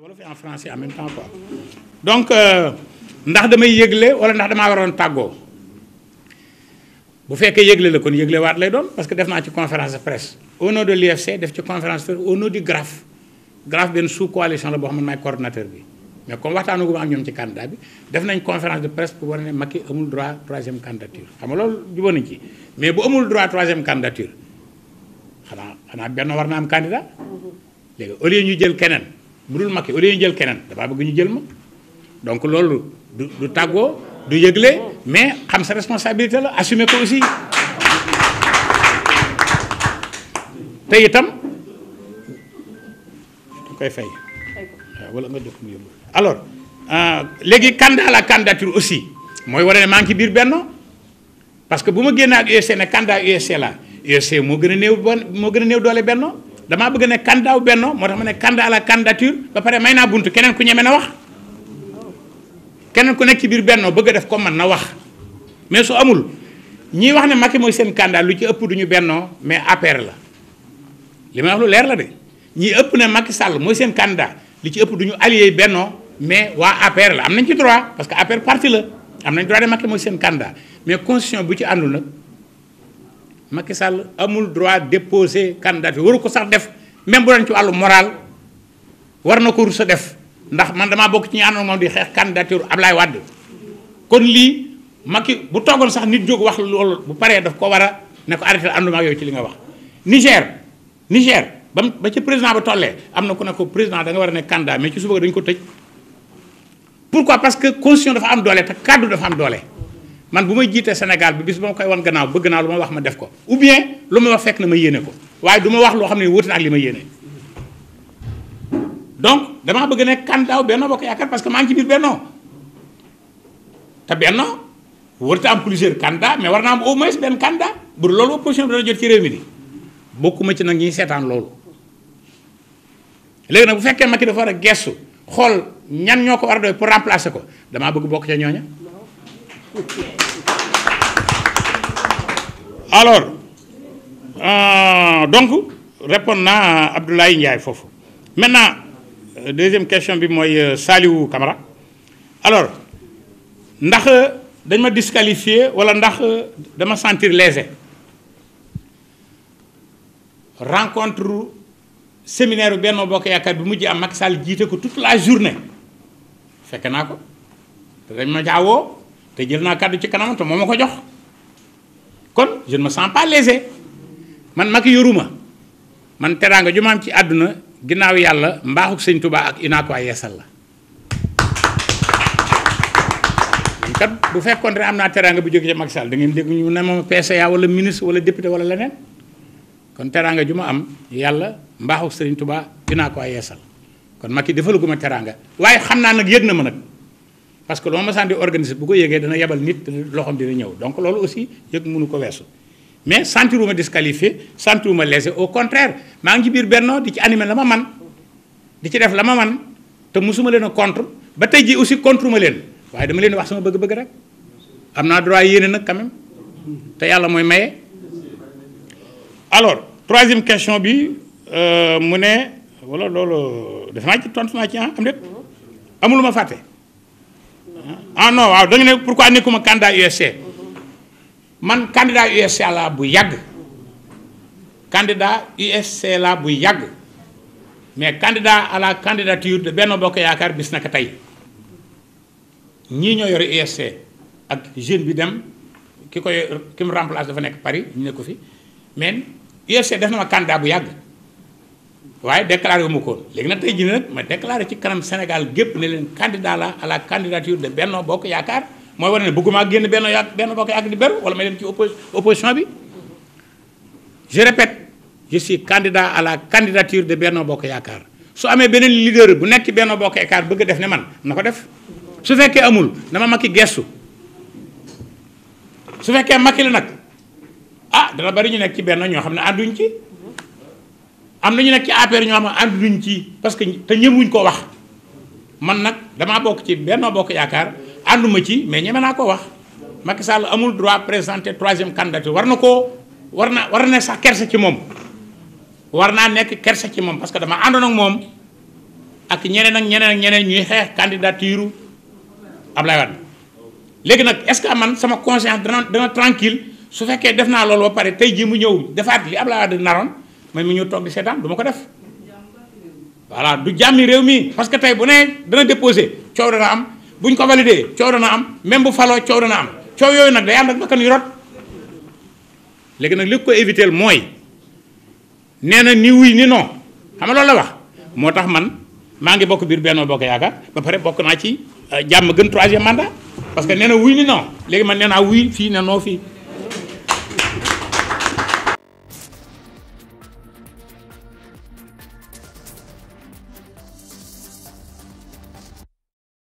wolof et en français en même temps quoi donc euh, ndax damay yëgle wala ndax damaa waroon tàggoo bu fekkee yëgle la kon yëgle waat lay doon parce que def naa ci conférence de presse au nom de l'UFC def ci conférence au nom du GRAF GRAF benn sous coalition la boo xam ne maay coordonnateur bi mais comme waxtaanaguma ak ñoom ci candidat bi def nañ conférence de presse pour wane ne Macky amul droit troisième candidature xam nga loolu jubóo nañ ci mais bu amul droit troisième candidature xanaa xanaa benn war na am candidat mm-hmm. léegi au lieu ñu jël keneen. bu dul Macky au lieu ñu jël keneen damaa bëgg ñu jël ma donc loolu du du tàggoo du yëgle mais xam sa responsabilité la assumer ko aussi te itam da koy fay waaw wala nga jox mu yóbbu alors euh, léegi candidat la candidature aussi mooy wane ne maa ngi biir benn parce que bu ma génnee ak USC ne candidat USC la USC moo gën a néew moo gën a néew doole benn damaa bëgg ne candidat wu Benno moo tax ma ne candidat à la candidature ba pare may naa bunt keneen ku ñeme na wax keneen ku nekk ci biir bennoo bëgg a def ko man na wax mais su amul ñiy wax ne Macky mooy seen candidat lu ci ëpp du ñu Benno mais APR la li may wax lu leer la de ñi ëpp ne Macky Sall mooy seen li ci ëpp du ñu allié Benno mais waa APR la am nañ ci droit parce que APR parti la am nañ droit de Macky mooy seen candidat mais constitution bu ci àndul nag Macky Sall amul droit déposer candidature waru ko sax def même bu doon ci wàllu moral war na ko rus a def ndax man damaa bokk ci ñi àndoon moom di xeex candidature Ablaye Wade kon lii Macky bu toogoon sax nit jóg wax loolu bu paree daf ko war a nekk ko arrêté ànduma yow ci li nga wax. Niger Niger ba ba ci président ba tollee am na ko ne ko président da nga war a nekk candidat mais ci suba dañ ko tëj pourquoi parce que constitution dafa am doole te kaddu dafa am doole. man bu may jiitee Sénégal bi bis ba ma koy wan gannaaw bëgg naa lu ma wax ma def ko ou bien lu ma wax fekk na ma yéene ko waaye du ma wax loo xam ne wuute na ak li ma yéene donc damaa bëgg nekk candidat Benno Bokk Yaakaar parce que maa ci biir Benno te Benno warut am plusieurs candidats mais war naa am au moins benn candidat bu loolu opposition bi dana jot ci réew mi di bokkuma ci nag ñi seetaan loolu léegi nag bu fekkee Macky dafa war a gestu xool ñan ñoo ko war a doy pour remplacer ko damaa bëgg bokk ca ñooña alors euh, donc répondre naa Abdoulaye Ndiaye foofu maintenant euh, deuxième question bi mooy euh, Saliou Camara alors ndax euh, dañ ma disqualifié wala ndax dama sentir lésé rencontre séminaire bu Benno Bokk Yaakaar bi mujj am Macky Sall jiite ko toute la journée fekk naa ko te dañ ma jaawoo te jël naa kàddu ci kanam te moo ma ko jox kon je ne me pas lésé man Macky yoruma man teraanga ju ma am ci àdduna ginnaaw yàlla mbaaxuk sëñ tubaa ak UNACOIS ak yeesal la. kat bu fekkoon am naa teraanga bu jóge ci Macky Sall ngeen dégg ñu ne ma PCA wala ministre wala député wala leneen kon teraanga ju ma am yàlla mbaaxuk sëñ Touba UNACOIS ak yeesal kon Macky defaluguma teraanga waaye xam naa nag yëg na ma nag. parce que loo ma sànni organisé bu ko yëgee dana yebal nit loxoom dina ñëw donc loolu aussi yëg mënu ko weesu mais sentiruma disqualifié sentiruma lésé au contraire maa ngi ci biir Benno di ci animé la ma man di ci def la ma man te musuma leen a contre ba tey ji aussi contre ma leen waaye dama leen wax sama bëgg-bëgg rek am naa droit yéene nag quand même te yàlla mooy maye. alors troisième question bi euh, mu ne wala loolu dafa naa ci tontu naa ci ah am fàtte. ah non waaw da nga ne pourquoi nekkuma candidat USC man candidat USC laa bu yàgg candidat USC laa bu yàgg mais candidat à la candidature de Benno Bokk Yaakaar bis naka tey ñii ñoo yore USC ak jeune bi dem ki koy ki remplace dafa nekk Paris ñu ne fi mais USC def na ma candidat bu yàgg waaye déclaré wu ma ko léegi nag tey jii nag ma déclaré ci kanam Sénégal gépp ne leen candidat la à la candidature de Benno Bokk Yaakaar mooy war ne bëgguma génn Benno ya Benno Bokk Yaakaar di beru wala may dem ci opposition bi je répète je à la candidature de Benno Bokk Yaakaar su amee beneen leader bu nekk ci Benno Bokk Yaakaar bëgg def ne man na ko def su fekkee amul dama makki gestu su fekkee makki la nag ah dana bari ñu nekk ci benn ñoo xam ne ànduñ ci. am na ñu nekk ci APR ñoo am ne ànduñu ci parce que te ñëmuñ koo wax man nag damaa bokk ci benn Bokk Yaakaar ànduma ci mais ñeme naa ko wax Macky Sall amul droit présenter troisième candidature war na ko war na war na sax kerse ci moom war naa nekk kersa ci moom parce que dama àndoon ak moom ak ñeneen ak ñeneen ak ñeneen ñuy xeex candidature Ablaye Wade léegi nag est-ce que man sama conscience dana dana tranquille su fekkee def naa loolu ba pare tey jii mu ñëw defaat li Ablaye Wade naroon man mu ñu toog di seetaan du ko def voilà du jàmmi réew mi parce que tey bu ne dana déposé coow dana am buñ ko validé coow dana am même bu faloo coow dana am coow yooyu nag day am rek bakkan yu rot léegi nag li ko éviter mooy nee na ni wuy ni non xam nga loolu la wax moo tax man maa ngi bokk biir Benno Bokk Yaakaar ba pare bokk naa ci euh, jàmm gën troisième mandat parce que nee na wuy ni non léegi man nee naa wuy fii ne noo fii